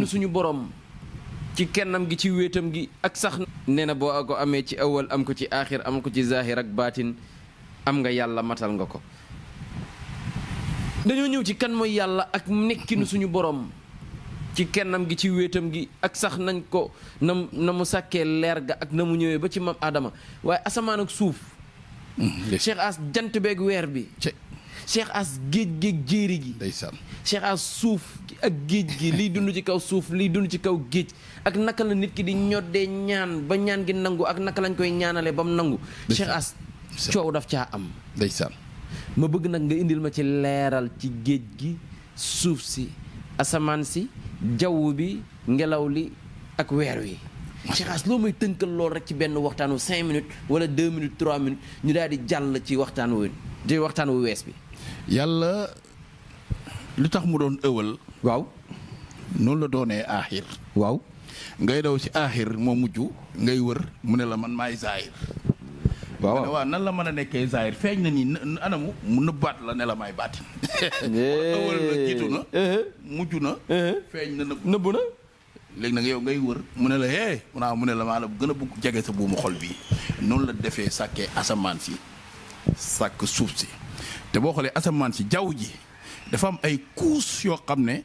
suñu borom ci kennam gi ci wéetam gi ak sax nee na boo a ko amee ci awal am ko ci aaxir am ko ci zaahir ak baatin am nga yàlla matal nga ko dañoo ñëw ci kan mooy yàlla ak nekkinu suñu boroom ci kennam gi ci wéetam gi ak sax nañ ko na na mu sàkkee leer ga ak na mu ñëwee ba ci mam aadama waaye asamaan ak suuf Mm-hmm. Cheikh As jant beeg weer bi. Cheikh As géej géej jéeri gi. ndeysaan Cheikh As suuf ak géej gi liy dund ci kaw suuf liy dund ci kaw géej ak naka la nit ki di ñoddee ñaan ba ñaan gi nangu ak naka lañ koy ñaanalee ba mu nangu. Cheikh As coow daf caa am. ndeysaan ma bëgg nag nga indil ma ci leeral ci géej gi suuf si asamaan si jaww bi ngelaw li ak weer wi. Cheikh As loo may tënkal loolu rek ci benn waxtaanu cinq minutes wala 2 minutes 3 minutes ñu daal di jàll ci waxtaan wu di waxtaan wu wees bi. yàlla lu tax mu doon ëwal. waaw. noonu la doonee aaxir. waaw. ngay daw ci aaxir moo mujj ngay wër mu ne la man maay zaahir. waaw waaw nan la mën a nekkee zaahir feeñ na ni anamu mu nëbbaat la ne la maay baatin. Eh. ëwal la jiitu na. Eh. mujj na. Eh. feeñ na nëbbu na. léegi nag yow ngay wër mu ne la hé mu naa mu ne la maa la gën a bugg jege sa buumu xol bii noonu la defee sàkkee asamaan si sàkk suuf si te boo xoolee asamaan si jaww ji dafa am ay couches yoo xam ne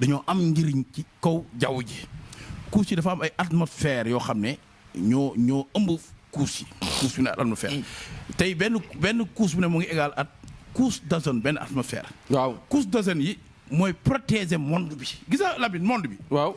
dañoo am njëriñ ci kaw jaww ji couches yi dafa am ay atmosphère yoo xam ne ñoo ñoo ëmb couches yi couche bi ne atmosphère tey benn benn couche bu ne mu ngi égal at couche d'ozone benn atmosphère waaw couche d'ozone yi mooy protéger monde bi gis nga Lamine monde bi waaw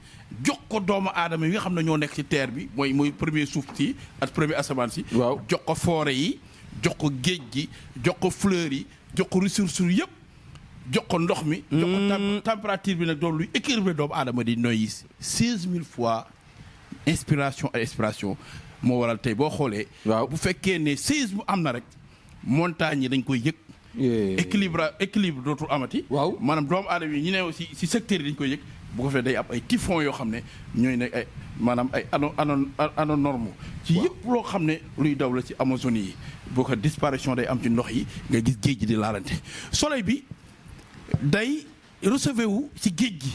jox doomu aadama yi nga xam ne terre bi premier souffle si ak premier asamaan si. jox ko forêt yi jox ko géej gi jox ko fleur yi jox ko ressources jox ko mi. jox ko hmm. température bi fois inspiration à expiration moo waral bu ne montagne équilibre équilibre dootul amati. waaw maanaam doomu aadama yi ñi ne ci si secteur yi dañ koy yëg bu ko fee day am ay typhon yoo xam ne ñooy nekk ay manam ay ano ano norme ci yépp loo xam ne luy daw la ci Amazonie yi boo ko disparition day am ci ndox yi nga gis géej gi di laalante soleil bi day recevé wu ci géej gi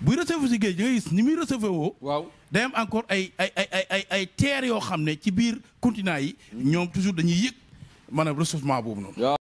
buy recevé ci géej nga gis ni muy recevé woo waaw day am encore ay ay ay ay ay terre yoo xam ne ci biir continent yi hmm. ñoom toujours dañuy yëg maanaam recevement boobu noonu